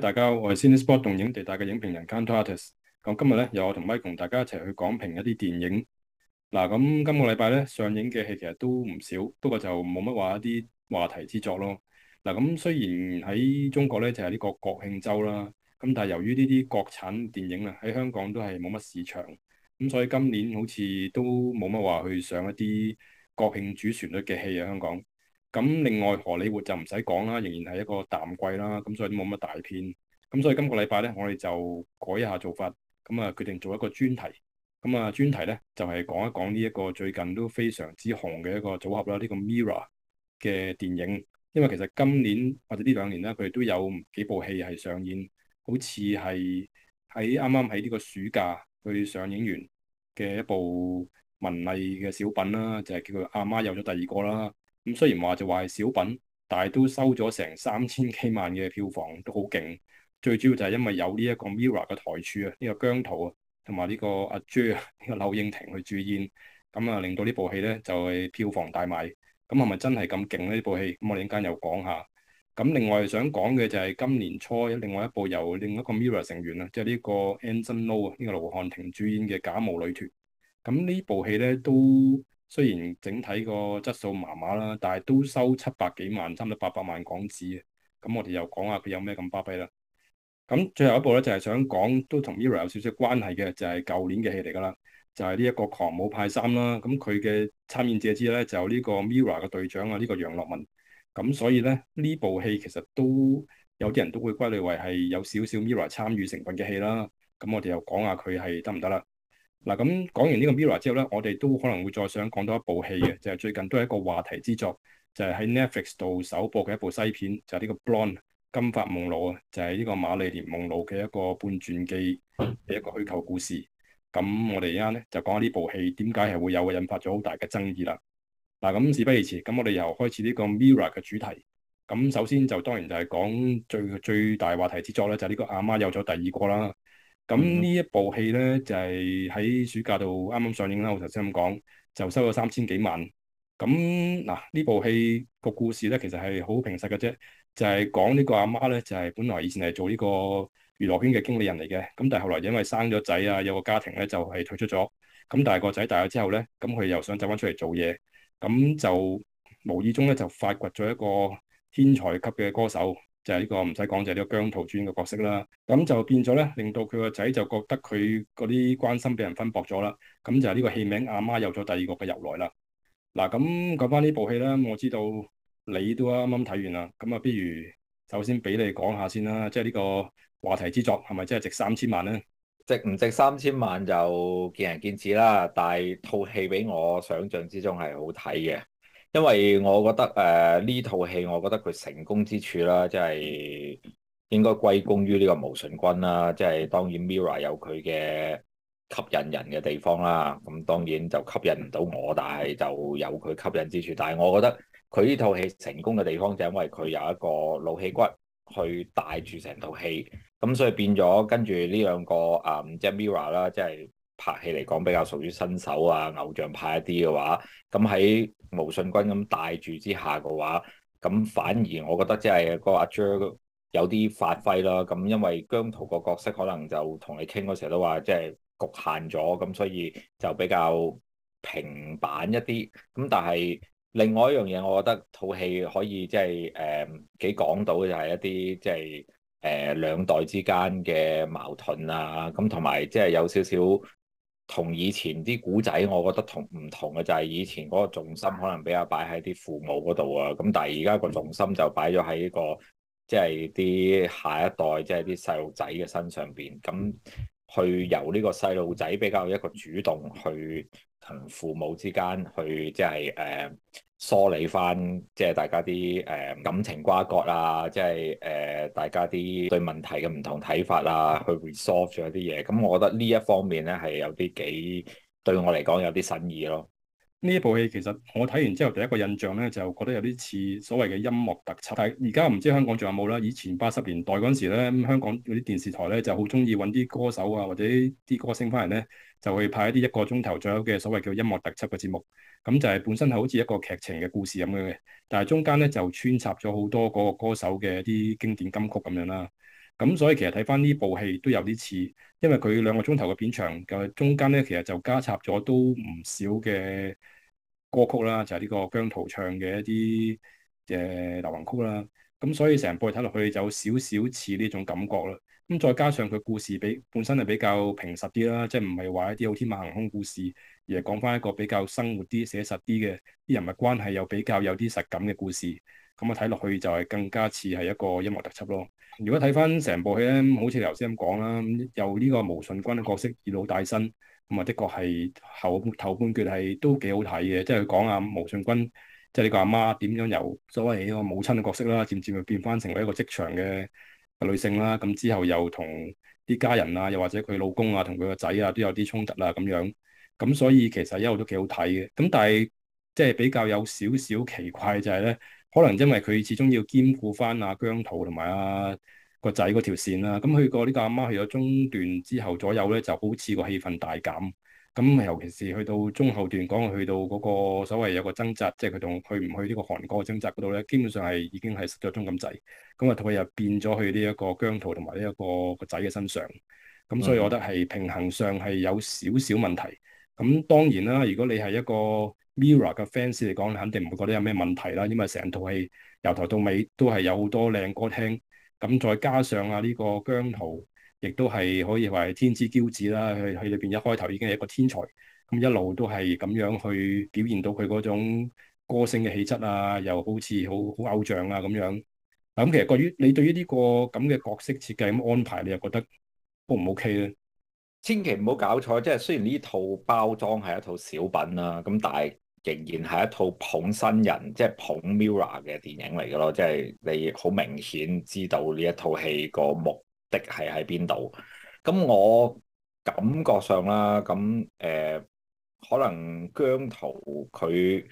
大家好，我係 Cinespot 動映地帶嘅影評人 Kantorates。咁今日咧，由我同 Mike 同大家一齊去講評一啲電影。嗱，咁今個禮拜咧上映嘅戲其實都唔少，不過就冇乜話一啲話題之作咯。嗱，咁雖然喺中國咧就係、是、呢個國慶週啦，咁但係由於呢啲國產電影啊，喺香港都係冇乜市場，咁所以今年好似都冇乜話去上一啲國慶主旋律嘅戲喺、啊、香港。咁另外荷里活就唔使講啦，仍然係一個淡季啦，咁所以都冇乜大片。咁所以今個禮拜咧，我哋就改一下做法，咁啊決定做一個專題。咁啊專題咧就係、是、講一講呢一個最近都非常之紅嘅一個組合啦，呢、這個 Mirror 嘅電影。因為其實今年或者兩年呢兩年咧，佢哋都有幾部戲係上演，好似係喺啱啱喺呢個暑假佢上映完嘅一部文藝嘅小品啦，就係、是、叫佢阿媽有咗第二個啦。咁雖然話就話係小品，但係都收咗成三千幾萬嘅票房，都好勁。最主要就係因為有呢一個 Mirror 嘅台柱啊，呢、這個姜濤啊，同埋呢個阿朱啊，呢、這個柳應廷去主演，咁啊令到呢部戲咧就係、是、票房大賣。咁係咪真係咁勁咧？呢部戲咁我哋陣間又講下。咁另外想講嘅就係今年初有另外一部由另一個 Mirror 成員啊，即係呢個 Anson Lo 啊，呢個盧瀚霆主演嘅《假冒女團》。咁呢部戲咧都。雖然整體個質素麻麻啦，但係都收七百幾萬，差唔多八百萬港紙，咁我哋又講下佢有咩咁巴閉啦。咁最後一部咧就係、是、想講，都同 mirror 有少少關係嘅，就係、是、舊年嘅戲嚟噶啦，就係呢一個狂舞派三啦。咁佢嘅參演者之咧就呢個 mirror 嘅隊長啊，呢、這個楊樂文。咁所以咧呢部戲其實都有啲人都會歸類為係有少少 mirror 參與成分嘅戲啦。咁我哋又講下佢係得唔得啦？嗱，咁講完呢個 Mirror 之後咧，我哋都可能會再想講多一部戲嘅，啊，就係最近都係一個話題之作，就係喺 Netflix 度首播嘅一部西片，就係呢個 Blonde 金髮夢露啊，就係呢個瑪麗蓮夢露嘅一個半傳記嘅一個虛構故事。咁我哋而家咧就講下呢部戲點解係會有引發咗好大嘅爭議啦？嗱，咁事不宜遲，咁我哋又開始呢個 Mirror 嘅主題。咁首先就當然就係講最最大話題之作咧，就係呢個阿媽有咗第二個啦。咁呢、嗯、一部戲呢，就係、是、喺暑假度啱啱上映啦，我頭先咁講就收咗三千幾萬。咁嗱呢部戲個故事呢，其實係好平實嘅啫，就係講呢個阿媽呢，就係、是、本來以前係做呢個娛樂圈嘅經理人嚟嘅，咁但係後來因為生咗仔啊，有個家庭呢，就係、是、退出咗。咁但係個仔大咗之後呢，咁佢又想走翻出嚟做嘢，咁就無意中呢，就發掘咗一個天才級嘅歌手。就係呢、這個唔使講，就係、是、呢個姜濤尊嘅角色啦。咁就變咗咧，令到佢個仔就覺得佢嗰啲關心俾人分薄咗啦。咁就係呢個戲名阿媽有咗第二個嘅由來啦。嗱，咁講返呢部戲啦，我知道你都啱啱睇完啦。咁啊，剛剛不如首先俾你講下先啦，即係呢個話題之作係咪真係值三千萬咧？值唔值三千萬就見仁見智啦。但係套戲俾我想象之中係好睇嘅。因為我覺得誒呢套戲，我覺得佢成功之處啦，即係應該歸功於呢個毛舜筠啦。即係當然 Mirror 有佢嘅吸引人嘅地方啦。咁當然就吸引唔到我，但係就有佢吸引之處。但係我覺得佢呢套戲成功嘅地方，就係因為佢有一個老戲骨去帶住成套戲。咁所以變咗跟住呢兩個啊，唔、嗯、知 Mirror 啦，即係拍戲嚟講比較屬於新手啊偶像派一啲嘅話，咁喺毛舜筠咁帶住之下嘅話，咁反而我覺得即係個阿 Jer 有啲發揮啦。咁因為姜濤個角色可能就同你傾嗰時都話即係局限咗，咁所以就比較平板一啲。咁但係另外一樣嘢，我覺得套戲可以即係誒幾講到嘅就係一啲即係誒兩代之間嘅矛盾啊。咁同埋即係有少少。同以前啲古仔，我覺得同唔同嘅就係以前嗰個重心可能比較擺喺啲父母嗰度啊，咁但係而家個重心就擺咗喺呢個即係啲下一代，即係啲細路仔嘅身上邊咁。去由呢個細路仔比較一個主動去同父母之間去即係誒梳理翻，即係大家啲誒、uh, 感情瓜葛啊，即係誒大家啲對問題嘅唔同睇法啊，去 resolve 咗啲嘢。咁我覺得呢一方面咧係有啲幾對我嚟講有啲新意咯。呢一部戲其實我睇完之後，第一個印象咧就覺得有啲似所謂嘅音樂特輯。但係而家唔知香港仲有冇啦。以前八十年代嗰陣時咧，香港嗰啲電視台咧就好中意揾啲歌手啊，或者啲歌星翻嚟咧，就去拍一啲一個鐘頭左右嘅所謂叫音樂特輯嘅節目。咁就係本身係好似一個劇情嘅故事咁樣嘅，但係中間咧就穿插咗好多嗰個歌手嘅一啲經典金曲咁樣啦。咁所以其實睇翻呢部戲都有啲似，因為佢兩個鐘頭嘅片長嘅中間咧，其實就加插咗都唔少嘅。歌曲啦，就係、是、呢個姜濤唱嘅一啲誒流行曲啦，咁所以成部睇落去就有少少似呢種感覺啦。咁再加上佢故事比本身係比較平實啲啦，即係唔係話一啲好天馬行空故事，而係講翻一個比較生活啲、寫實啲嘅啲人物關係又比較有啲實感嘅故事。咁我睇落去就係更加似係一個音樂特輯咯。如果睇翻成部戲咧，好似你頭先咁講啦，由呢、這個毛舜筠嘅角色以老帶新，咁啊的確係後半後半段係都幾好睇嘅。即係佢講啊毛舜筠，即係呢個阿媽點樣由所謂一個母親嘅角色啦，漸漸就變翻成為一個職場嘅女性啦。咁之後又同啲家人啊，又或者佢老公啊，同佢個仔啊，都有啲衝突啊咁樣。咁所以其實一路都幾好睇嘅。咁但係即係比較有少少奇怪就係咧。可能因為佢始終要兼顧返阿姜濤同埋阿個仔嗰條線啦，咁去過呢個阿媽去咗中段之後左右咧，就好似個氣氛大減。咁尤其是去到中後段講，去到嗰個所謂有個掙扎，即係佢同去唔去呢個韓國嘅掙扎嗰度咧，基本上係已經係失咗蹤咁滯。咁啊，佢又變咗去呢一個姜濤同埋呢一個個仔嘅身上。咁所以我覺得係平衡上係有少少問題。咁當然啦，如果你係一個 Mirror 嘅 fans 嚟講，你肯定唔會覺得有咩問題啦，因為成套戲由頭到尾都係有好多靚歌聽，咁再加上啊呢個姜濤，亦都係可以話係天之驕子啦，佢佢裏邊一開頭已經係一個天才，咁一路都係咁樣去表現到佢嗰種歌星嘅氣質啊，又好似好好偶像啊咁樣。咁其實對於你對於呢個咁嘅角色設計咁安排，你又覺得 O 唔 O K 咧？千祈唔好搞錯，即係雖然呢套包裝係一套小品啦、啊，咁但係。仍然係一套捧新人，即係捧 Mirror 嘅電影嚟嘅咯，即係你好明顯知道呢一套戲個目的係喺邊度。咁我感覺上啦，咁誒、呃、可能姜濤佢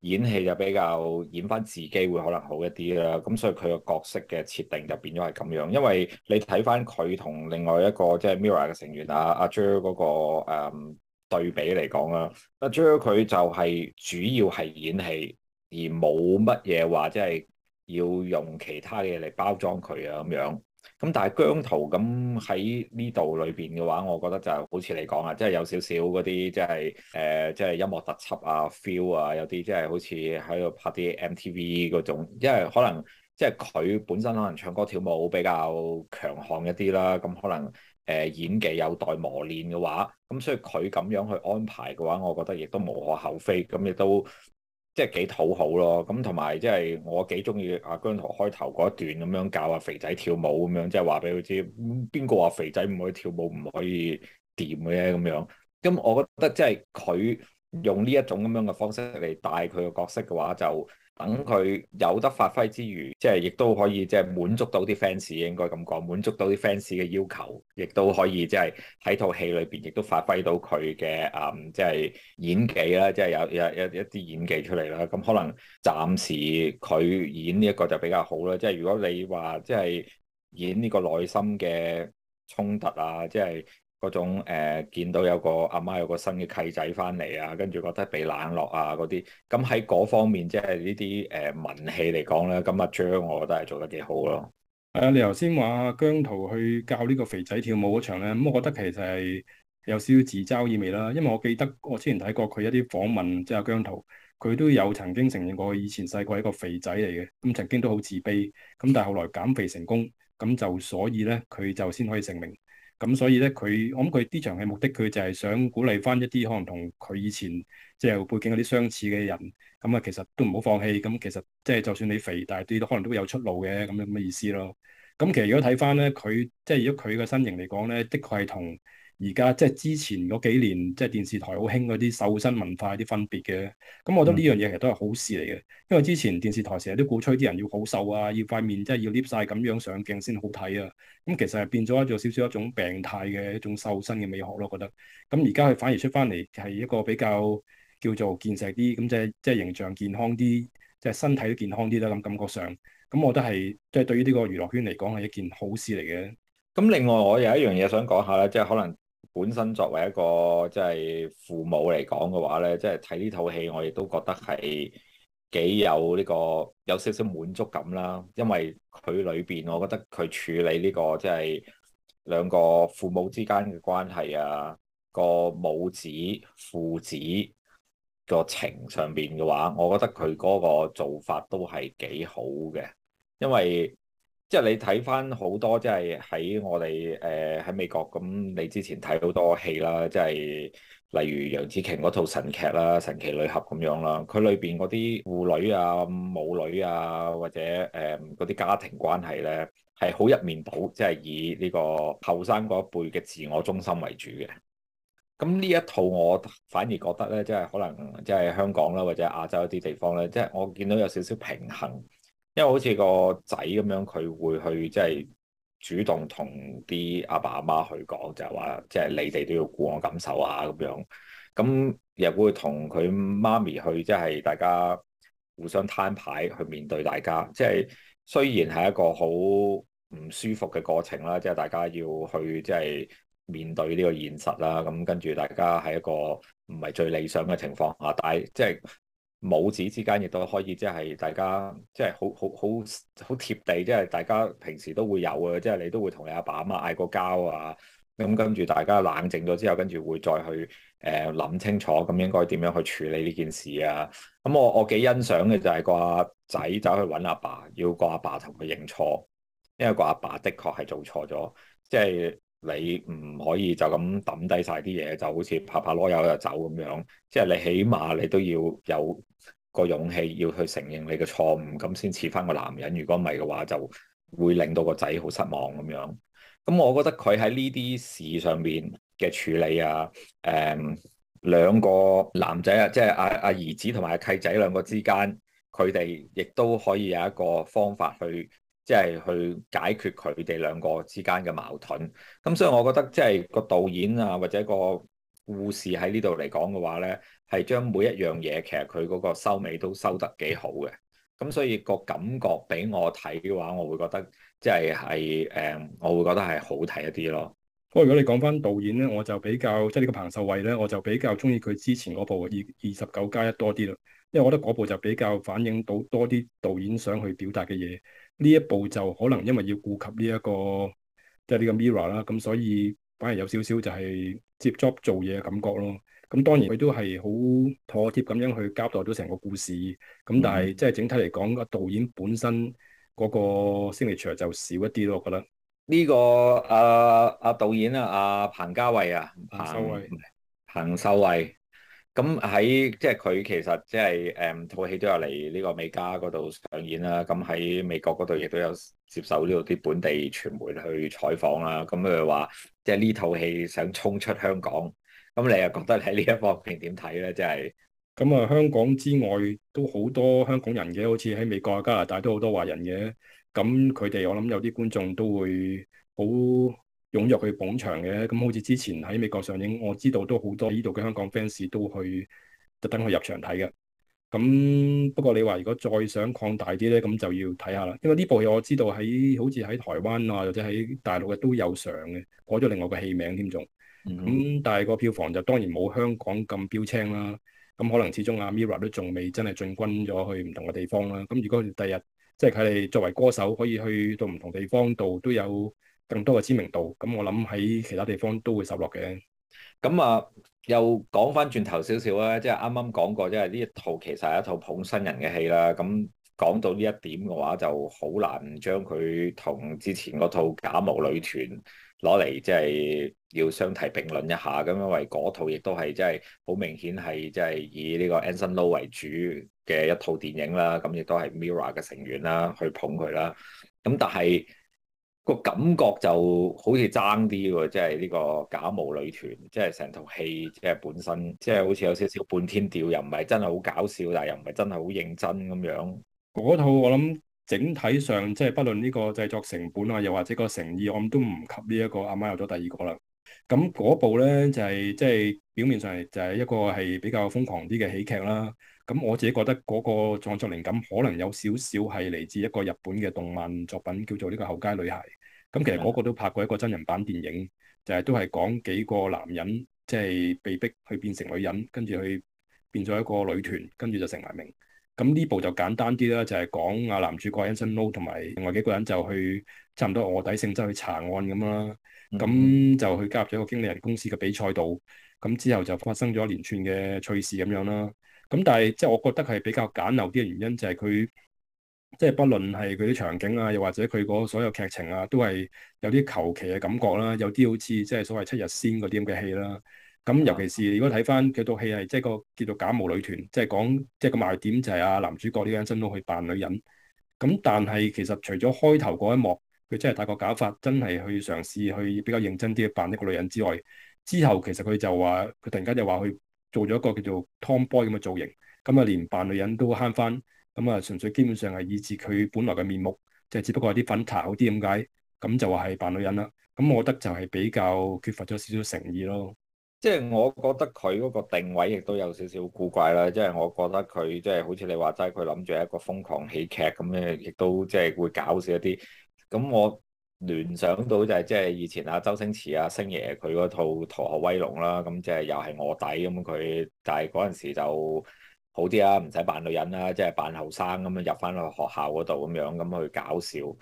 演戲就比較演翻自己會可能好一啲啦。咁所以佢個角色嘅設定就變咗係咁樣，因為你睇翻佢同另外一個即係 Mirror 嘅成員啊阿 Jer 嗰個誒。嗯對比嚟講啦，阿張佢就係主要係演戲，而冇乜嘢話即係、就是、要用其他嘢嚟包裝佢啊咁樣。咁但係姜圖濤咁喺呢度裏邊嘅話，我覺得就是、好似嚟講啊，即、就、係、是、有少少嗰啲即係誒，即、就、係、是呃就是、音樂特輯啊 feel 啊，有啲即係好似喺度拍啲 MTV 嗰種，因、就、為、是、可能即係佢本身可能唱歌跳舞比較強項一啲啦，咁可能。誒演技有待磨練嘅話，咁所以佢咁樣去安排嘅話，我覺得亦都無可厚非，咁亦都即係幾討好咯。咁同埋即係我幾中意阿姜濤開頭嗰一段咁樣教阿肥仔跳舞咁樣，即係話俾佢知邊個話肥仔唔可以跳舞唔可以掂嘅咁樣。咁我覺得即係佢用呢一種咁樣嘅方式嚟帶佢個角色嘅話就。等佢有得發揮之餘，即係亦都可以即係滿足到啲 fans 應該咁講，滿足到啲 fans 嘅要求，亦都可以即係喺套戲裏邊亦都發揮到佢嘅誒，即係演技啦，即係有有有一啲演技出嚟啦。咁可能暫時佢演呢一個就比較好啦。即係如果你話即係演呢個內心嘅衝突啊，即係。嗰種誒、呃、見到有個阿媽，媽有個新嘅契仔翻嚟啊，跟住覺得被冷落啊嗰啲，咁喺嗰方面即係呢啲誒文氣嚟講咧，阿張我覺得係做得幾好咯。係啊，你頭先話姜濤去教呢個肥仔跳舞嗰場咧，咁、嗯、我覺得其實係有少少自嘲意味啦。因為我記得我之前睇過佢一啲訪問，即係姜濤，佢都有曾經承認過以前細個係一個肥仔嚟嘅，咁、嗯、曾經都好自卑，咁但係後來減肥成功，咁就所以咧佢就先可以成名。咁所以咧，佢我諗佢呢場嘅目的，佢就係想鼓勵返一啲可能同佢以前即係、就是、背景嗰啲相似嘅人，咁、嗯、啊其實都唔好放棄，咁、嗯、其實即、就、係、是、就算你肥但係啲，都可能都會有出路嘅，咁樣咁嘅意思咯。咁其實如果睇翻咧，佢即係如果佢嘅身形嚟講咧，的確係同而家即係之前嗰幾年即係電視台好興嗰啲瘦身文化啲分別嘅。咁我覺得呢樣嘢其實都係好事嚟嘅，因為之前電視台成日都鼓吹啲人要好瘦啊，要塊面即係要 lift 曬咁樣上鏡先好睇啊。咁其實係變咗做少少一種病態嘅一種瘦身嘅美學咯，啊，我覺得。咁而家佢反而出翻嚟係一個比較叫做健碩啲，咁即係即係形象健康啲，即係身體都健康啲啦。咁感覺上。咁我都係，即係對於呢個娛樂圈嚟講係一件好事嚟嘅。咁另外我有一樣嘢想講下咧，即係可能本身作為一個即係父母嚟講嘅話咧，即係睇呢套戲我亦都覺得係幾有呢個有少少滿足感啦。因為佢裏邊我覺得佢處理呢個即係兩個父母之間嘅關係啊，個母子父子個情上邊嘅話，我覺得佢嗰個做法都係幾好嘅。因為即係你睇翻好多即係喺我哋誒喺美國咁，你之前睇好多戲啦，即係例如楊紫瓊嗰套神劇啦、神奇女俠咁樣啦，佢裏邊嗰啲父女啊、母女啊或者誒嗰啲家庭關係咧，係好一面倒，即係以呢個後生嗰一輩嘅自我中心為主嘅。咁呢一套我反而覺得咧，即係可能即係香港啦，或者亞洲一啲地方咧，即係我見到有少少平衡。因為好似個仔咁樣，佢會去即係主動同啲阿爸阿媽去講，就係話即係你哋都要顧我感受啊咁樣。咁又會同佢媽咪去即係大家互相攤牌去面對大家。即係雖然係一個好唔舒服嘅過程啦，即係大家要去即係面對呢個現實啦。咁跟住大家係一個唔係最理想嘅情況啊，但係即係。母子之間亦都可以即係、就是、大家即係好好好好貼地，即、就、係、是、大家平時都會有啊，即、就、係、是、你都會同你阿爸阿媽嗌過交啊，咁、嗯、跟住大家冷靜咗之後，跟住會再去誒諗、呃、清楚，咁、嗯、應該點樣去處理呢件事啊？咁、嗯、我我幾欣賞嘅就係個阿仔走去揾阿爸，要個阿爸同佢認錯，因為個阿爸的確係做錯咗，即、就、係、是。你唔可以就咁抌低晒啲嘢，就好似拍拍籮柚就走咁樣。即係你起碼你都要有個勇氣，要去承認你嘅錯誤，咁先似返個男人。如果唔係嘅話，就會令到個仔好失望咁樣。咁、嗯、我覺得佢喺呢啲事上面嘅處理啊，誒、嗯、兩個男仔啊，即係阿阿兒子同埋阿契仔兩個之間，佢哋亦都可以有一個方法去。即係去解決佢哋兩個之間嘅矛盾，咁所以我覺得即係個導演啊或者個護士喺呢度嚟講嘅話咧，係將每一樣嘢其實佢嗰個收尾都收得幾好嘅，咁所以個感覺俾我睇嘅話，我會覺得即係係誒，我會覺得係好睇一啲咯。我如果你講翻導演咧，我就比較即係呢個彭秀慧咧，我就比較中意佢之前嗰部二二十九加一多啲啦，因為我覺得嗰部就比較反映到多啲導演想去表達嘅嘢。呢一部就可能因為要顧及呢、這、一個即係呢個 mirror 啦，咁所以反而有少少就係接 j 做嘢嘅感覺咯。咁當然佢都係好妥貼咁樣去交代到成個故事。咁但係即係整體嚟講個導演本身嗰個 signature 就少一啲咯，我覺得。呢、這個阿阿、啊、導演啊，阿彭嘉慧啊，彭啊彭，彭秀慧，咁喺即係佢其實即係誒套戲都有嚟呢個美加嗰度上演啦。咁喺美國嗰度亦都有接受呢度啲本地傳媒去採訪啦。咁佢話即係呢套戲想衝出香港，咁你又覺得喺呢一方面點睇咧？即係咁啊，香港之外都好多香港人嘅，好似喺美國加拿大都好多華人嘅。咁佢哋我諗有啲觀眾都會躍好踴躍去捧場嘅，咁好似之前喺美國上映，我知道都好多呢度嘅香港 fans 都去，特登去入場睇嘅。咁不過你話如果再想擴大啲咧，咁就要睇下啦。因為呢部戲我知道喺好似喺台灣啊，或者喺大陸嘅都有上嘅，改咗另外個戲名添仲。咁、嗯、但係個票房就當然冇香港咁標青啦。咁可能始終阿、啊、Mirror 都仲未真係進軍咗去唔同嘅地方啦。咁如果第日、日，即係佢哋作為歌手，可以去到唔同地方度都有更多嘅知名度。咁我諗喺其他地方都會受落嘅。咁啊，又講返轉頭少少啦，即係啱啱講過，即係呢一套其實係一套捧新人嘅戲啦。咁。講到呢一點嘅話，就好難將佢同之前嗰套假冒女團攞嚟，即係要相提並論一下。咁因為嗰套亦都係即係好明顯係即係以呢個 Anson Lo 為主嘅一套電影啦。咁亦都係 Mirror 嘅成員啦，去捧佢啦。咁但係個感覺就好似爭啲喎，即係呢個假冒女團，即係成套戲，即係本身即係好似有少少半天吊，又唔係真係好搞笑，但係又唔係真係好認真咁樣。嗰套我諗整體上即係、就是、不論呢個製作成本啊，又或者個誠意，我諗都唔及呢、這、一個阿媽有咗第二個啦。咁嗰部咧就係即係表面上就係一個係比較瘋狂啲嘅喜劇啦。咁我自己覺得嗰個創作靈感可能有少少係嚟自一個日本嘅動漫作品，叫做呢個後街女孩。咁其實嗰個都拍過一個真人版電影，就係、是、都係講幾個男人即係、就是、被逼去變成女人，跟住去變咗一個女團，跟住就成名。咁呢部就簡單啲啦，就係講阿男主角 Anson Lo 同埋另外幾個人就去差唔多卧底性質去查案咁啦，咁、mm hmm. 就去加入咗個經理人公司嘅比賽度，咁之後就發生咗一連串嘅趣事咁樣啦。咁但係即係我覺得係比較簡陋啲嘅原因就，就係佢即係不論係佢啲場景啊，又或者佢嗰所有劇情啊，都係有啲求其嘅感覺啦，有啲好似即係所謂七日仙嗰啲咁嘅戲啦。咁、嗯、尤其是、嗯、如果睇翻佢套戲係即係個叫做假冒女團，即係講即係個賣點就係啊男主角呢樣真攞去扮女人。咁但係其實除咗開頭嗰一幕，佢真係戴個假髮，真係去嘗試去比較認真啲去扮一個女人之外，之後其實佢就話佢突然間又話去做咗一個叫做 Tomboy 咁嘅造型，咁啊連扮女人都慳翻，咁啊純粹基本上係以至佢本來嘅面目，即係只不過係啲粉搽好啲咁解，咁就話係扮女人啦。咁我覺得就係比較缺乏咗少少誠意咯。即係我覺得佢嗰個定位亦都有少少古怪啦，即係我覺得佢即係好似你話齋，佢諗住一個瘋狂喜劇咁樣，亦都即係會搞笑一啲。咁我聯想到就係即係以前阿、啊、周星馳啊星爺佢嗰套《逃學威龍》啦，咁即係又係臥底咁佢，但係嗰陣時就好啲啦、啊，唔使扮女人啦、啊，即係扮後生咁樣入翻去學校嗰度咁樣咁去搞笑。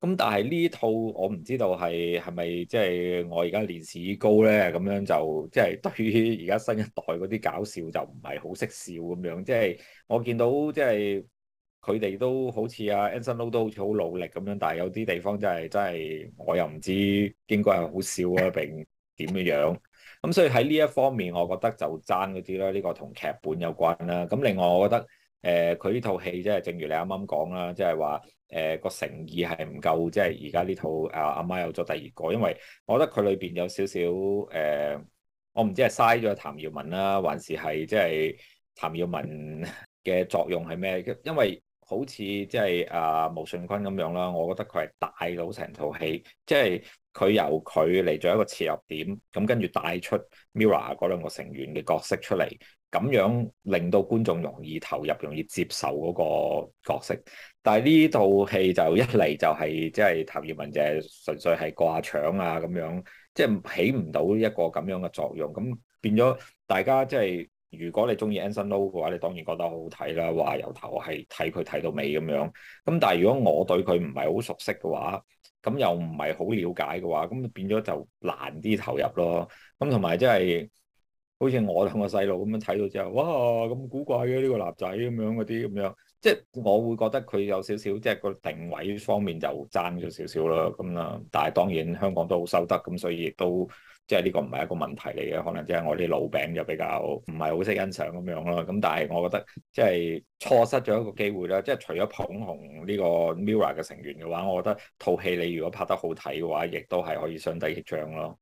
咁但係呢套我唔知道係係咪即係我而家年事已高咧，咁樣就即係、就是、對於而家新一代嗰啲搞笑就唔係好識笑咁樣。即、就、係、是、我見到即係佢哋都好似阿 Anson 都好似好努力咁樣，但係有啲地方、就是、真係真係我又唔知應該係好笑啊，並點樣樣。咁所以喺呢一方面，我覺得就爭嗰啲啦，呢、這個同劇本有關啦、啊。咁另外我覺得誒佢呢套戲即係正如你啱啱講啦，即係話。誒、呃、個誠意係唔夠，即係而家呢套啊，阿媽有咗第二個，因為我覺得佢裏邊有少少誒，我唔知係嘥咗譚耀文啦，還是係即係譚耀文嘅作用係咩？因為好似即係啊，毛舜筠咁樣啦，我覺得佢係帶到成套戲，即係佢由佢嚟做一個切入點，咁跟住帶出 Mirror 嗰兩個成員嘅角色出嚟，咁樣令到觀眾容易投入、容易接受嗰個角色。但係呢套戲就一嚟就係、是、即係譚耀文就係純粹係掛牆啊咁樣，即係起唔到一個咁樣嘅作用，咁變咗大家即、就、係、是。如果你中意 Anson Lo 嘅話，你當然覺得好好睇啦，話由頭係睇佢睇到尾咁樣。咁但係如果我對佢唔係好熟悉嘅話，咁又唔係好了解嘅話，咁變咗就難啲投入咯。咁同埋即係好似我同個細路咁樣睇到之後，哇！咁古怪嘅呢個男仔咁樣嗰啲咁樣。即係我會覺得佢有少少即係個定位方面就爭咗少少啦，咁啦，但係當然香港都好收得，咁所以亦都即係呢個唔係一個問題嚟嘅，可能即係我啲老餅就比較唔係好識欣賞咁樣咯。咁但係我覺得即係錯失咗一個機會啦。即係除咗捧紅呢個 Mirror 嘅成員嘅話，我覺得套戲你如果拍得好睇嘅話，亦都係可以相得益彰咯。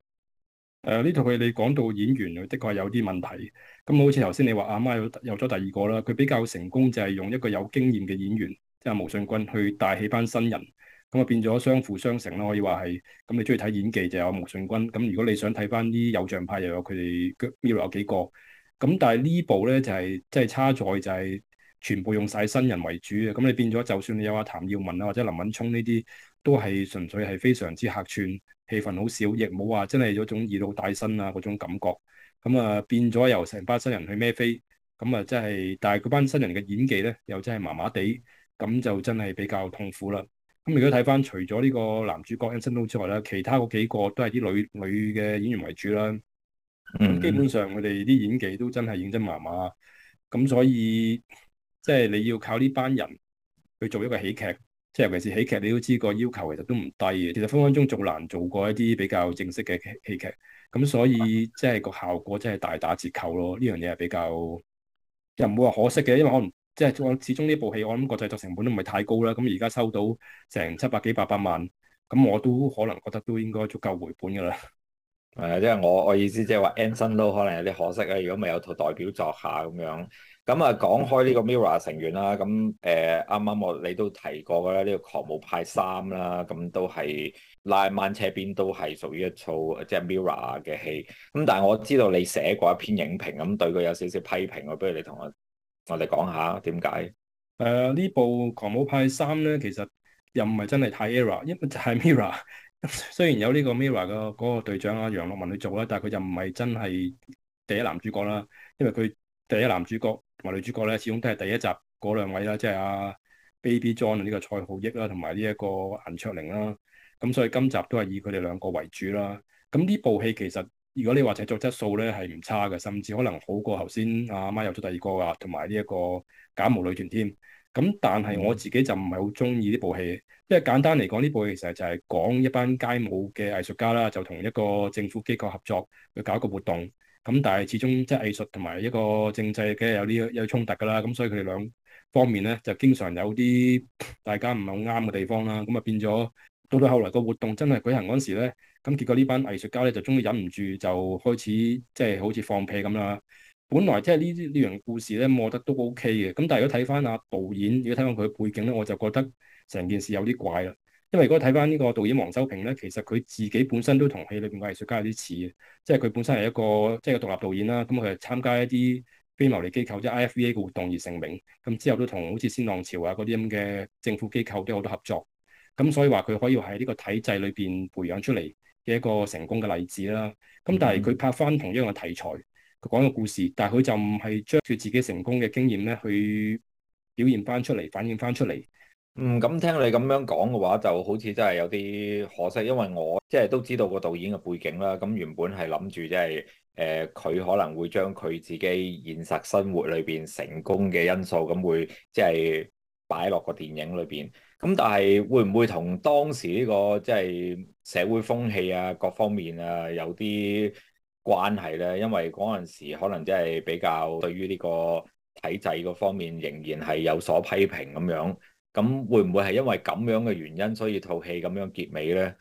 誒呢套戲你講到演員，佢的確係有啲問題。咁、嗯、好似頭先你話阿媽有有咗第二個啦，佢比較成功就係用一個有經驗嘅演員，即係毛舜筠去帶起班新人，咁、嗯、啊變咗相輔相成啦。可以話係。咁、嗯、你中意睇演技就有毛舜筠。咁、嗯、如果你想睇翻啲偶像派又有佢哋，Mirror 有幾個？咁、嗯、但係呢部咧就係即係差在就係全部用晒新人為主啊！咁、嗯、你、嗯、變咗，就算你有阿譚耀文啊或者林敏驄呢啲，都係純粹係非常之客串。氣氛好少，亦冇話真係有種二老大身啊嗰種感覺。咁啊變咗由成班新人去孭飛，咁啊真係，但係嗰班新人嘅演技咧又真係麻麻地，咁就真係比較痛苦啦。咁如果睇翻除咗呢個男主角 Anson Lo 之外咧，其他嗰幾個都係啲女女嘅演員為主啦。基本上佢哋啲演技都真係認真麻麻，咁所以即係、就是、你要靠呢班人去做一個喜劇。即係尤其是喜劇，你都知個要求其實都唔低嘅。其實分分鐘仲難做過一啲比較正式嘅戲劇，咁所以即係個效果真係大打折扣咯。呢樣嘢係比較又唔會話可惜嘅，因為可能即係始終呢部戲，我諗個製作成本都唔係太高啦。咁而家收到成七百幾八百萬，咁我都可能覺得都應該足夠回本㗎啦。係啊，即係我我意思即係話 Anson Lo 都可能有啲可惜啊。如果咪有套代表作下咁樣。咁啊，講開呢個 m i r r o r 成員啦，咁誒，啱啱我你都提過㗎啦，呢、呢個狂 3,《狂舞派三》啦，咁都係拉曼斜邊都係屬於一組即係 m i r r o r 嘅戲。咁但係我知道你寫過一篇影評，咁對佢有少少批評喎，不如你同我我哋講下點解？誒、呃，呢部《狂舞派三》咧，其實又唔係真係太 e、ER、r r o r 因為就係 m i r r o r 雖然有呢個 m i r r o r 嗰個隊長阿楊樂文去做啦，但係佢又唔係真係第一男主角啦，因為佢第一男主角。話女主角咧，始終都係第一集嗰兩位啦，即係阿、啊、Baby John 呢個蔡瀚億啦，同埋呢一個顏卓靈啦。咁、啊、所以今集都係以佢哋兩個為主啦。咁、啊、呢部戲其實，如果你話製作質素咧，係唔差嘅，甚至可能好過頭先阿媽有咗第二個,個啊，同埋呢一個假冒女團添。咁但係我自己就唔係好中意呢部戲，因為簡單嚟講，呢部戲其實就係講一班街舞嘅藝術家啦，就同一個政府機構合作去搞一個活動。咁但係始終即係藝術同埋一個政制嘅有啲有衝突㗎啦，咁所以佢哋兩方面咧就經常有啲大家唔係好啱嘅地方啦，咁啊變咗到到後來個活動真係舉行嗰陣時咧，咁結果藝術呢班藝術家咧就終於忍唔住就開始即係、就是、好似放屁咁啦。本來即係呢啲呢樣故事咧，我覺得都 OK 嘅，咁但係如果睇翻阿導演，如果睇翻佢嘅背景咧，我就覺得成件事有啲怪啦。因為如果睇翻呢個導演黃修平咧，其實佢自己本身都同戲裏邊嘅藝術家有啲似嘅，即係佢本身係一個即係、就是、個獨立導演啦，咁佢係參加一啲非牟利機構，即係 IFVA 嘅活動而成名，咁之後都同好似鮮浪潮啊嗰啲咁嘅政府機構都有好多合作，咁所以話佢可以喺呢個體制裏邊培養出嚟嘅一個成功嘅例子啦。咁但係佢拍翻同樣嘅題材，佢講個故事，但係佢就唔係將佢自己成功嘅經驗咧去表現翻出嚟，反映翻出嚟。嗯，咁聽你咁樣講嘅話，就好似真係有啲可惜，因為我即係都知道個導演嘅背景啦。咁、嗯、原本係諗住即係誒，佢、呃、可能會將佢自己現實生活裏邊成功嘅因素，咁、嗯、會即係擺落個電影裏邊。咁、嗯、但係會唔會同當時呢、呢個即係社會風氣啊，各方面啊有啲關係咧？因為嗰陣時可能即係比較對於呢個體制嗰方面仍然係有所批評咁樣。咁會唔會係因為咁樣嘅原因，所以套戲咁樣結尾呢？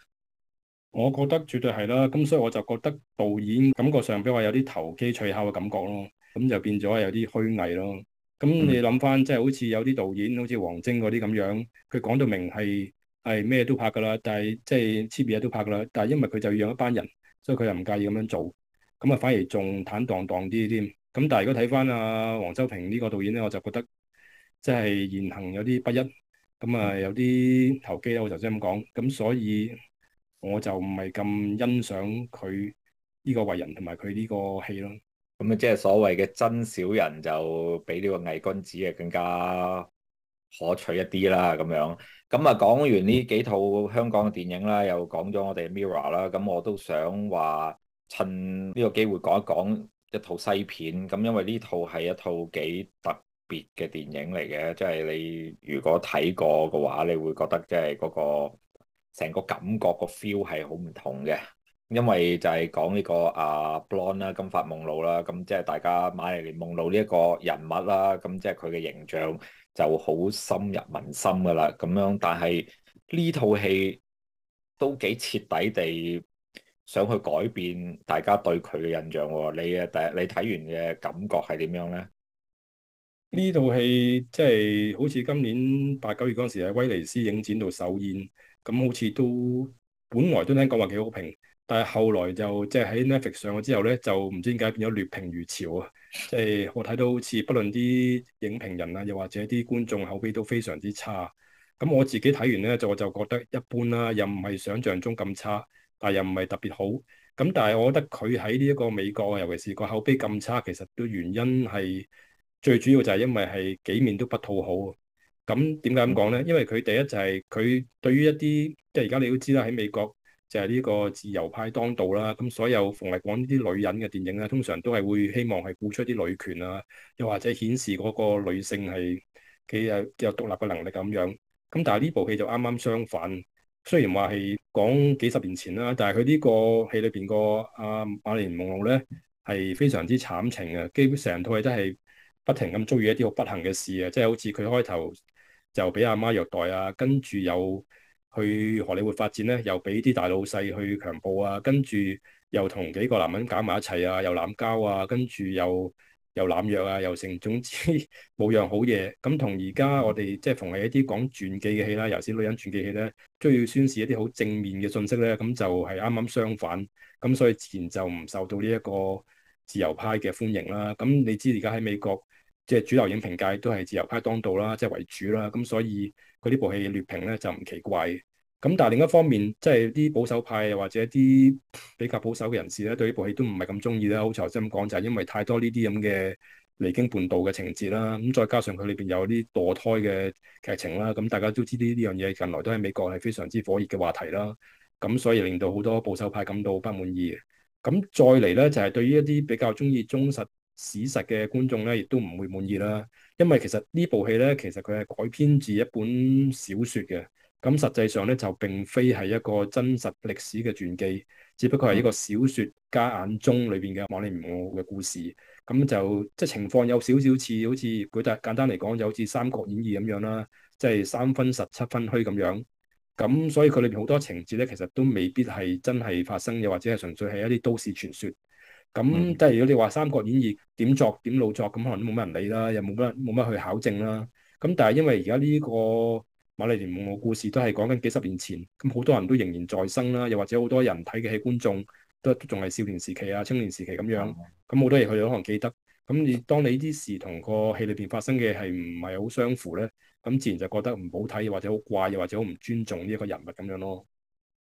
我覺得絕對係啦。咁所以我就覺得導演感覺上比較有啲投機取巧嘅感覺咯。咁就變咗有啲虛偽咯。咁你諗翻，即係好似有啲導演，好似王晶嗰啲咁樣，佢講到明係係咩都拍噶啦，但係即係黐邊嘢都拍噶啦。但係因為佢就要養一班人，所以佢又唔介意咁樣做。咁啊，反而仲坦蕩蕩啲添。咁但係如果睇翻阿黃修平呢個導演呢，我就覺得即係言行有啲不一。咁啊，有啲投機啦，我頭先咁講。咁所以我就唔係咁欣賞佢呢個為人同埋佢呢個戲咯。咁啊，即係所謂嘅真小人就比呢個偽君子啊更加可取一啲啦。咁樣，咁啊，講完呢幾套香港嘅電影啦，又講咗我哋 Mirror 啦。咁我都想話趁呢個機會講一講一,一套西片。咁因為呢套係一套幾特。別嘅電影嚟嘅，即係你如果睇過嘅話，你會覺得即係嗰個成個感覺個 feel 係好唔同嘅。因為就係講呢個啊 Blonde 啦，Bl onde，金髮夢露啦，咁即係大家瑪麗蓮夢露呢一個人物啦，咁即係佢嘅形象就好深入民心噶啦。咁樣，但係呢套戲都幾徹底地想去改變大家對佢嘅印象。你嘅第你睇完嘅感覺係點樣咧？呢套戲即係好似今年八九月嗰時喺威尼斯影展度首演，咁好似都本來都聽講話幾好評，但係後來就即係喺 Netflix 上咗之後咧，就唔知點解變咗劣評如潮啊！即係我睇到好似，不論啲影評人啊，又或者啲觀眾口碑都非常之差。咁我自己睇完咧，就我就覺得一般啦，又唔係想像中咁差，但又唔係特別好。咁但係我覺得佢喺呢一個美國，尤其是個口碑咁差，其實都原因係。最主要就係因為係幾面都不討好，咁點解咁講咧？因為佢第一就係佢對於一啲即係而家你都知啦，喺美國就係呢個自由派當道啦。咁所有逢係講呢啲女人嘅電影咧，通常都係會希望係付出啲女權啊，又或者顯示嗰個女性係幾有幾有獨立嘅能力咁樣。咁但係呢部戲就啱啱相反，雖然話係講幾十年前啦，但係佢呢個戲裏邊個瑪麗蓮夢露咧係非常之慘情嘅，基本成套戲都係。不停咁遭遇一啲好不幸嘅事啊！即係好似佢開頭就俾阿媽虐待啊，跟住又去荷里活發展咧，又俾啲大老細去強暴啊，跟住又同幾個男人搞埋一齊啊，又濫交啊，跟住又又濫藥啊，又成，總之冇樣好嘢。咁同而家我哋即係逢係一啲講傳記嘅戲啦，尤其是女人傳記戲咧，都要宣示一啲好正面嘅信息咧。咁就係啱啱相反，咁所以自然就唔受到呢一個自由派嘅歡迎啦。咁你知而家喺美國，即係主流影評界都係自由派當道啦，即係為主啦，咁所以佢呢部戲劣評咧就唔奇怪。咁但係另一方面，即係啲保守派又或者啲比較保守嘅人士咧，對呢部戲都唔係咁中意啦。好似頭先咁講就係、是、因為太多呢啲咁嘅離經叛道嘅情節啦。咁再加上佢裏邊有啲墮胎嘅劇情啦，咁大家都知呢呢樣嘢近來都喺美國係非常之火熱嘅話題啦。咁所以令到好多保守派感到不滿意嘅。咁再嚟咧就係、是、對於一啲比較中意忠實史實嘅觀眾咧，亦都唔會滿意啦，因為其實呢部戲咧，其實佢係改編自一本小說嘅，咁實際上咧就並非係一個真實歷史嘅傳記，只不過係一個小說家眼中裏邊嘅瑪麗蓮夢露嘅故事，咁就即係情況有少少似，好似舉個簡單嚟講，就好似三國演義咁樣啦，即係三分實七分虛咁樣，咁所以佢裏邊好多情節咧，其實都未必係真係發生嘅，或者係純粹係一啲都市傳說。咁即係如果你話《三國演義》點作點老作，咁可能都冇乜人理啦，又冇乜冇乜去考證啦。咁但係因為而家呢個瑪麗蓮夢露嘅故事都係講緊幾十年前，咁好多人都仍然在生啦，又或者好多人睇嘅戲觀眾都仲係少年時期啊、青年時期咁樣，咁好多嘢佢哋都可能記得。咁你當你啲事同個戲裏邊發生嘅係唔係好相符咧？咁自然就覺得唔好睇，又或者好怪，又或者好唔尊重呢一個人物咁樣咯。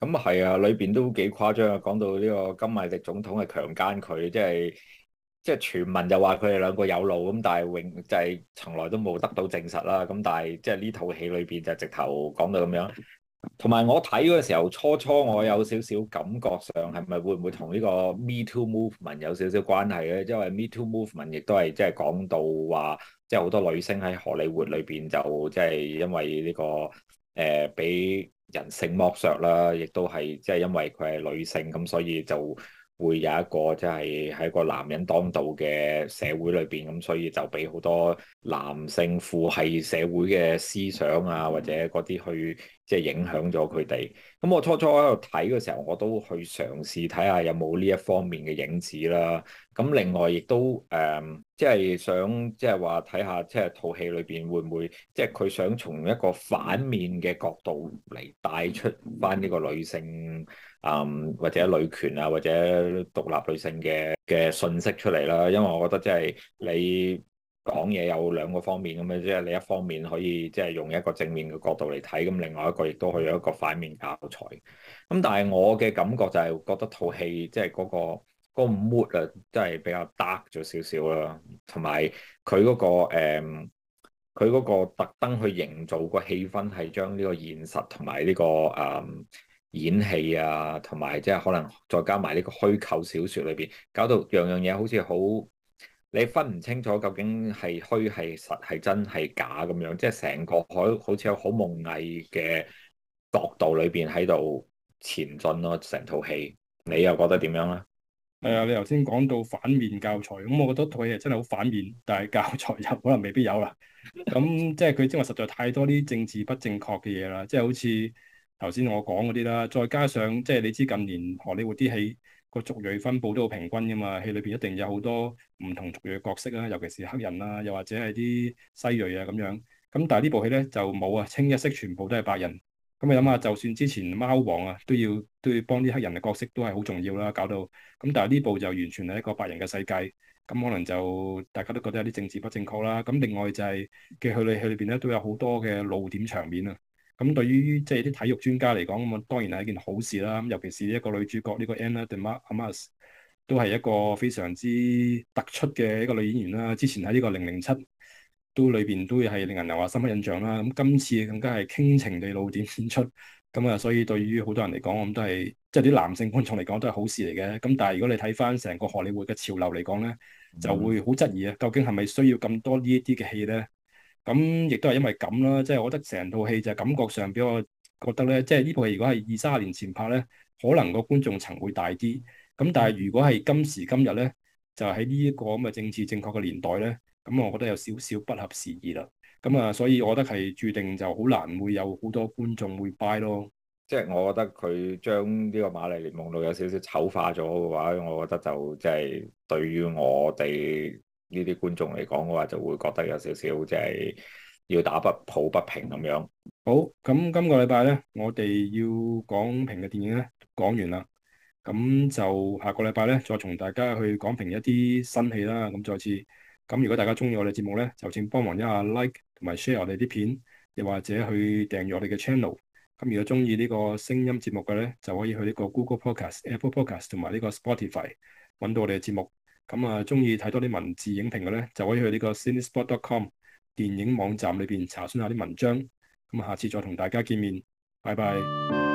咁啊係啊，裏邊都幾誇張啊，講到呢個甘迺迪總統係強姦佢，即係即係傳聞就話佢哋兩個有路，咁但係永就係從來都冇得到證實啦。咁、啊、但係即係呢套戲裏邊就直頭講到咁樣。同埋我睇嗰個時候，初初我有少少感覺上係咪會唔會同呢個 Me Too Movement 有少少關係咧？因為 Me Too Movement 亦都係即係講到話，即係好多女星喺荷里活裏邊就即係因為呢、呢個誒俾。呃人性剝削啦，亦都係即係因為佢係女性，咁所以就會有一個即係喺個男人當道嘅社會裏邊，咁所以就俾好多男性父系社會嘅思想啊，或者嗰啲去即係、就是、影響咗佢哋。咁我初初喺度睇嘅時候，我都去嘗試睇下有冇呢一方面嘅影子啦。咁另外亦都誒，即、呃、係、就是、想即係話睇下，即係套戲裏邊會唔會即係佢想從一個反面嘅角度嚟帶出翻呢個女性。嗯，或者女權啊，或者獨立女性嘅嘅信息出嚟啦，因為我覺得即係你講嘢有兩個方面咁樣，即係你一方面可以即係用一個正面嘅角度嚟睇，咁另外一個亦都可以有一個反面教材。咁但係我嘅感覺就係覺得套戲即係嗰個嗰個 mood 啊，即係比較 dark 咗少少啦，同埋佢嗰個誒，佢、嗯、嗰個特登去營造個氣氛係將呢個現實同埋呢個誒。嗯演戲啊，同埋即係可能再加埋呢個虛構小說裏邊，搞到樣樣嘢好似好你分唔清楚究竟係虛係實係真係假咁樣，即係成個好好似有好夢囈嘅角度裏邊喺度前進咯。成套戲你又覺得點樣咧？誒，你頭先講到反面教材，咁我覺得套戲真係好反面，但係教材又可能未必有啦。咁即係佢即係話實在太多啲政治不正確嘅嘢啦，即係好似。頭先我講嗰啲啦，再加上即係你知近年荷里活啲戲個族裔分布都好平均噶嘛，戲裏邊一定有好多唔同族裔嘅角色啦，尤其是黑人啦，又或者係啲西裔啊咁樣。咁但係呢部戲咧就冇啊，清一色全部都係白人。咁你諗下，就，就算之前貓、啊《貓王》啊都要都要幫啲黑人嘅角色都係好重要啦，搞到咁，但係呢部就完全係一個白人嘅世界。咁可能就大家都覺得有啲政治不正確啦。咁另外就係嘅佢哋戲裏邊咧都有好多嘅露點場面啊。咁對於即係啲體育專家嚟講，咁啊當然係一件好事啦。咁尤其是一個女主角呢個 Ana de Armas 都係一個非常之突出嘅一個女演員啦。之前喺呢個零零七都裏邊都係令人留下深刻印象啦。咁今次更加係傾情地露點演出，咁啊所以對於好多人嚟講，咁都係即係啲男性觀眾嚟講都係好事嚟嘅。咁但係如果你睇翻成個荷里活嘅潮流嚟講咧，嗯、就會好質疑啊，究竟係咪需要咁多呢一啲嘅戲咧？咁亦都係因為咁啦，即係我覺得成套戲就感覺上俾我覺得咧，即係呢部戲如果係二三十年前拍咧，可能個觀眾層會大啲。咁但係如果係今時今日咧，就喺呢一個咁嘅政治正確嘅年代咧，咁我覺得有少少不合時宜啦。咁啊，所以我覺得係注定就好難會有好多觀眾會 buy 咯。即係我覺得佢將呢個《瑪麗蓮夢露》有少少醜化咗嘅話，我覺得就即係對於我哋。呢啲觀眾嚟講嘅話，就會覺得有少少即係要打不抱不平咁樣。好，咁今個禮拜呢，我哋要講評嘅電影呢講完啦。咁就下個禮拜呢，再同大家去講評一啲新戲啦。咁再次，咁如果大家中意我哋節目呢，就請幫忙一下 like 同埋 share 我哋啲片，又或者去訂閱我哋嘅 channel。咁如果中意呢個聲音節目嘅呢，就可以去呢個 Google Podcast、Apple Podcast 同埋呢個 Spotify 搵到我哋嘅節目。咁啊，中意睇多啲文字影評嘅咧，就可以去呢個 Cinespot.com 電影網站裏邊查詢下啲文章。咁、嗯、下次再同大家見面，拜拜。